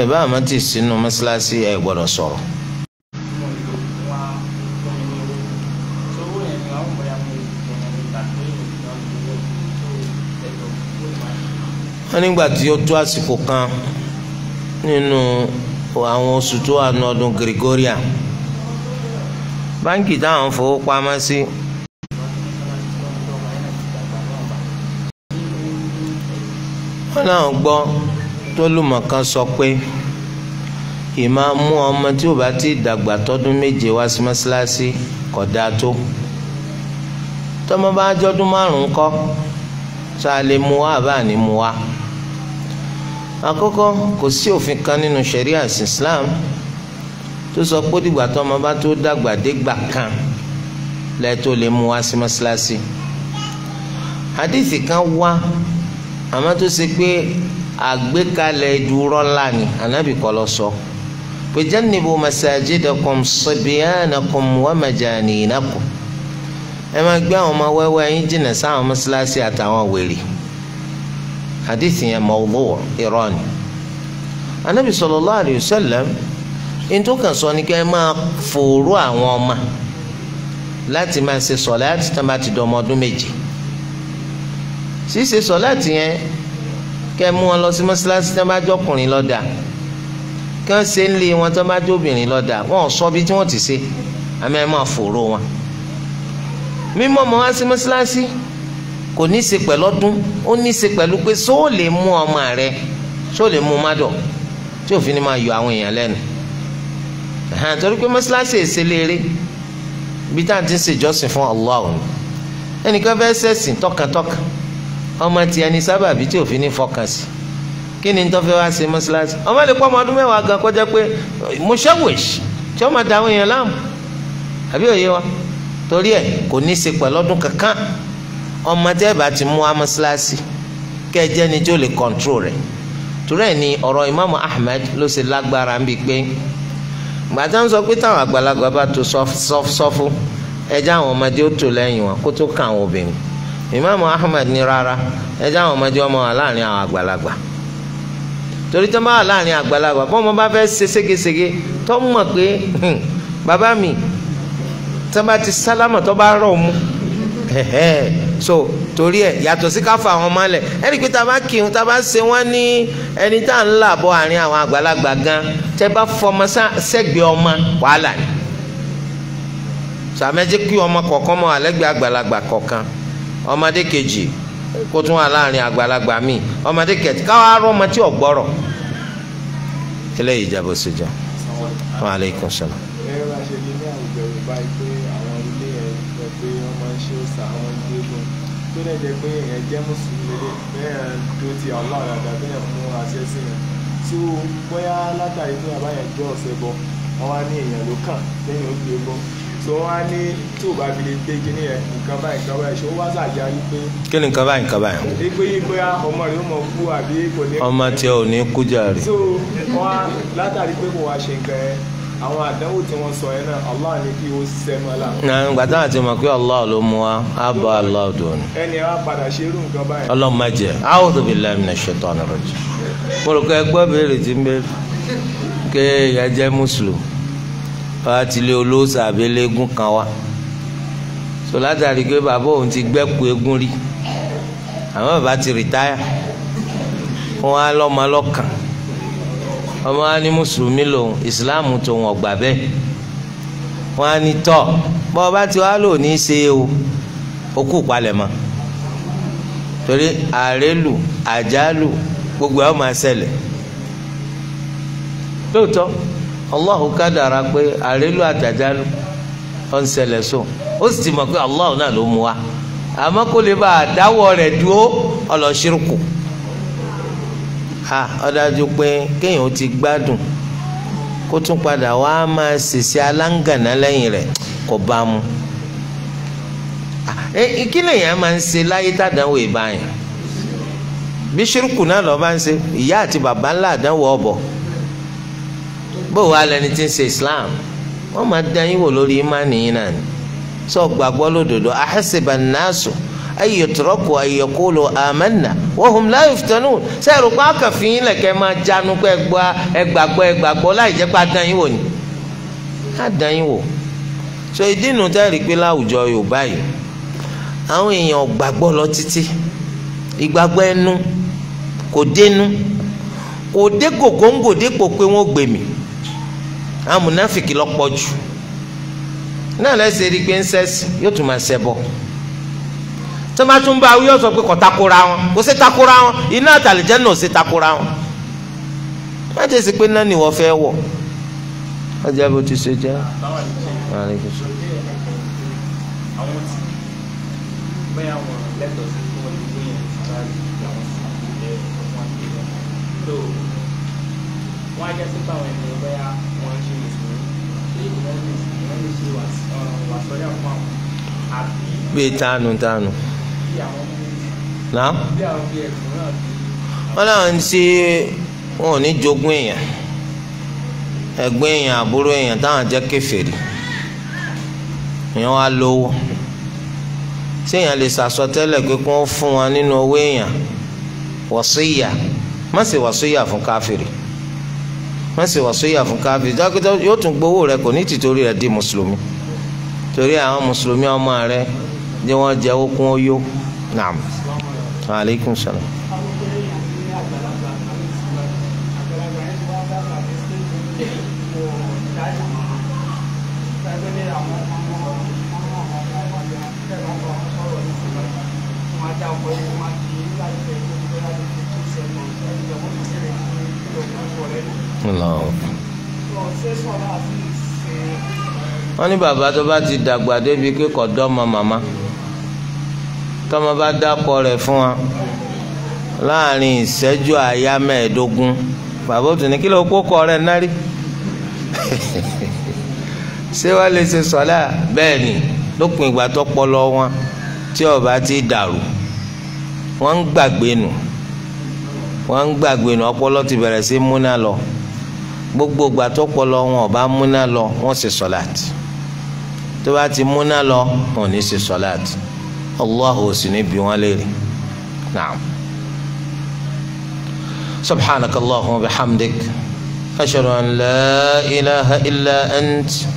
ẹ bá àmọ́ ti sínú mọ́ṣáláṣí ẹ gbọ́dọ̀ sọ̀rọ̀. wọ́n nígbà tí ó tó àsìkò kan nínú àwọn oṣù tó wà ní ọdún Gregorian báńkì táwọn fowó pamọ́ sí. wọ́n náà gbọ́ tólùmọ̀ kan sọ pé ìmọ̀ mú ọmọ tí ò bá ti dàgbà tọdún méje wá sí mọ́ṣáláṣí kò dáa tó tọmọ bá jọdún márùn-ún kọ́ tá a lè mú wa àbá ní mú wa àkọ́kọ́ kò sí òfin kan nínú ṣẹ̀ríà Islam tó sọ pé dìgbà tọmọ bá tó dàgbà dégbà kan lẹ́tọ́ lè mú wa sí mọ́ṣáláṣí hadithi kan wá àmọ́ tó ṣe pé àgbékalẹ̀ ìdúró ńlá ni anabi kọ́ lọ sọ pé jẹ́nìbù masajidakum sibyanakum wa majaninakum ẹ máa gbé àwọn ọmọ wẹ́wẹ́ yín jìnnà sáwọn mọ́ṣáláṣí àtàwọn wèrè àdìsí yẹn mawdu' irọ́ ni anabi sallallahu alayhi wa sallam ntòkàn sọ ni kí ẹ máa fòrò àwọn ọmọ láti máa ṣe sọ̀láàtì tí wọ́n bá méje ṣíṣe sọ̀láàtì yẹn kẹ́ mú wọn lọ sí mọ́ṣáláṣí tí wọ́n bá jọkùnrin lọ́dà kí wọ́n ṣe ń lé wọn tí wọ́n bá jóbìnrin lọ́dà wọn ò sọ bí tí wọ́n ti ṣe àmì ẹ̀ máa fòró wọn. mímọ́ ọmọ wá sí mọ́ṣáláṣí kò ní í ṣe pẹ̀lú ọdún ó ní í ṣe pẹ̀lú pé ṣó o lè mú ọmọ rẹ ṣó o lè mú mádọ̀ tí òfin ni máa yọ àwọn èèyàn lẹ́nu. torí pé mọ́ṣáláṣí èsè léere ibi táà ti ń ṣèjọ́sìn fún Allah ẹnìkan fẹ́ ṣẹ̀sìn tọkàntọkàn ọmọ tiẹ̀ ní sábàbí tí òfin ní fọkàn kí ni tó fẹ́ wá ṣe mọ́ṣáláṣí ọmọ lè pọ́ ọmọ ọdún mẹ́wàá gan kọjá pé mọ́ṣáwèṣ tí ọmọ da èèyàn láàmú àbí òye wa torí ẹ̀ kò ní í ṣe pẹ̀lú ọdún kankan ọmọ tẹ́ bá ti mú wá mọ́ṣáláṣí kẹjẹ ni tó lè kọ̀ǹtró rẹ̀ torí ẹ̀ ni ọ̀rọ̀ Imam Ahmed ló ṣe lágbára ń bi pé gbàtà ń sọ pé táwọn àgbàlagbà bá tó sọ́fún ẹjẹ́ àwọn ọmọdé ó tò lẹ́yìn wọn kó tó kàn àwọn obìnrin ìmáàmù ahmed ní rárá ẹ jẹ́ àwọn ọmọdé ọmọ wà láàrin àwọn àgbàlagbà torí tó bá wà láàrin àgbàlagbà bọ́n mo bá fẹ́ ṣe ségesège tó mọ̀ pé bàbá mi tó bá ti sálámà tó bá rọ̀ mu so torí ẹ yàtọ̀ sí káfọ àwọn ọmọ alẹ̀ ẹni pé tá a bá kírun tá a bá ṣe wọ́n ní ẹni tá à ń là bọ́ àárín àwọn àgbàlagbà gan tẹ́ bá fọmọ sẹ́gbẹ̀ẹ́ ọmọ wàhálà ni sàmẹ́jẹ́ kí ọmọ kọ̀ọ̀kan mọ́ àlẹ́gbẹ̀ẹ́ àgbàlagbà kọ̀ọ̀kan ọmọdé kejì kó tún wà láàrin àgbàlagbà míì ọmọdé kẹtì káwá rọ ọmọ tí ò gbọ́rọ̀ eléyìí ìjàbọ̀ síjọ wa aleykum salaam. tó dẹ̀ tí ó bóyá yẹn jọ ọ̀sẹ̀ bọ̀ wọ́n wá ní èèyàn ló kàn lẹ́yìn ó gbé bọ́ tó wá ní tí ò bá fi lè dé kíní yẹn nǹkan báyìí nǹkan báyìí ṣé ó wá ṣàjárí pé. kí ni nǹkan báyìí nǹkan báyìí. ipe ipe ah, ọmọ rẹ ó mọ kú àbí kò ní. ọmọ tí ò ní kú jàre. so wọn látàrí pé kò wá ṣe nǹkan yẹn àwọn àdánwò tí wọn sọ yẹn náà Allah ni kí o sẹnu ọlá. na ìgbà táwọn ti mọ̀ pé Allah ló mú wa á bọ̀ Allah dùn. ẹni a padà ṣe irú nǹkan báyìí. ọlọ́mọ jẹ a'udhu billahi minash shaitani rajim. mo rò pé ẹgbẹ́ bèrè ti ń bèrè pé ìyá jẹ́ mùsùlùmí wàá ti lé olóòsà abẹ́lẹ́gùn kan wá so látàrí pé bàbá òun ti gbẹ́kù eégún rí àwọn bàbá ti rìtáyà wọn á lọ́mọ lọ́kàn ọmọ á ní mùsùlùmí lòun ìsìláàmù tòun ọ̀gbà bẹ́ẹ̀ wọn á ní tọ́ bọ́ ọba tí wàá lò ní í ṣe o ó kú palẹ̀mọ́ torí àrélù àjálù gbogbo ẹ̀ ọ́ máa ṣẹlẹ̀ lóòótọ́ Allahu kádàrá pé àrélù àtàjálù ó ń ṣẹlẹ̀ sóun ó sì ti mọ̀ pé Allahu náà ló mú wa àmọ́ kó lè bá àdáwọ̀ rẹ̀ dúró ọlọ́ṣirùkù ó dájú pé kéèyàn ti gbádùn kó tún padà wá máa ṣèṣe aláǹgànà lẹ́yìn rẹ̀ kò bá mu kí lèèyàn máa ń ṣe láyé tàdánwò ìbáyìn bí ṣírùkù náà lọ́ọ́ bá ń ṣe ìyá àti bàbá ńlá àdánwò ọ̀bọ̀ bó wàá lẹni ń ṣe islam wọn máa dán yín wò lórí ìmánì yín náà ni sọ gbàgbọ́ lódodo ahasiba nnasu ayetoroku ayekolo amanna wahum la yuftanun sẹ́ẹ̀rù pa kàfin lẹ̀kẹ́ máa jánu pé ẹgbàgbọ́ ẹgbàgbọ́ láì jẹ́ pé yín wò ni adán yín wò so ìdí inú tẹ́rì pé láwùjọ Yorùbá yìí àwọn èèyàn gbàgbọ́ lọ títí ìgbàgbọ́ ẹnu kò dénú kò dé gògóńgò dépò pé wọ́n àwọn munafiki lọ́pọ̀ jù náà lẹ́sẹ̀ rí pé ń sẹ́sì yóò tún máa ṣẹ́ bọ̀ tó bá tún bá a yóò sọ pé kò takora wọn kò sí takora wọn iná àtàlẹ́jẹ́ náà ò sí takora wọn má jẹ́ sí pé náà ni wọ́n fẹ́ wọ̀ ọjà bó ti ṣe jẹ́ àwọn tí bẹ́ẹ̀ jẹ́ sí pàwọn ènìyàn bóyá wọ́n ṣe mùsùlùmí wọ́n lè ṣe wàsọ́yà fún àwọn àbí. bíi tánu tánu. náà. wọ́n náà ń ṣe wọn ò ní jogún èèyàn ẹgbẹ́ èèyàn àbúrò èèyàn táwọn jẹ́ kèfèrí èèyàn wá lówó tí èèyàn lè sàsọtẹ́lẹ̀ pé kí wọ́n fún wọn nínú owó èèyàn wọ́síyà má sì wọ́síyà fún káfíìrì wọ́n sì wàsíyà fún káfíìrì dókítà yóò tún gbowó rẹ̀ kò ní tìtorí rẹ̀ di mùsùlùmí torí àwọn mùsùlùmí ọmọ rẹ̀ ni wọ́n jẹ́ okun oyó naam aleykum salaam. Thank you. Ọlọ́run wọ́n ní bàbá tó bá ti dàgbà débi pé kò dọ́mọ màmá tọ́mọ bá dákọ rẹ̀ fún wa láàrin ìṣẹ́jú àyá mẹ́ẹ̀ẹ́dógún bàbá òtún ní kí ló kó kọ rẹ̀ nárí ṣé wàá lè ṣe sọ́lá bẹ́ẹ̀ ni lópin ìgbà tó pọlọ wọn tí ó ti dàrú wọ́n ń gbàgbé nù wọ́n ń gbàgbé nù ọpọlọ ti bẹ̀rẹ̀ sí múná lọ gbogbo ìgbà tó pọlọ wọn ò bá múná lọ wọn ṣe sọláàtì tó bá ti múná lọ wọn ò ní ṣe sọláàtì Allahu sì ní bí wọn léèrè naam subhanakallahumma wa bihamdik ashhadu an la ilaha illa ant.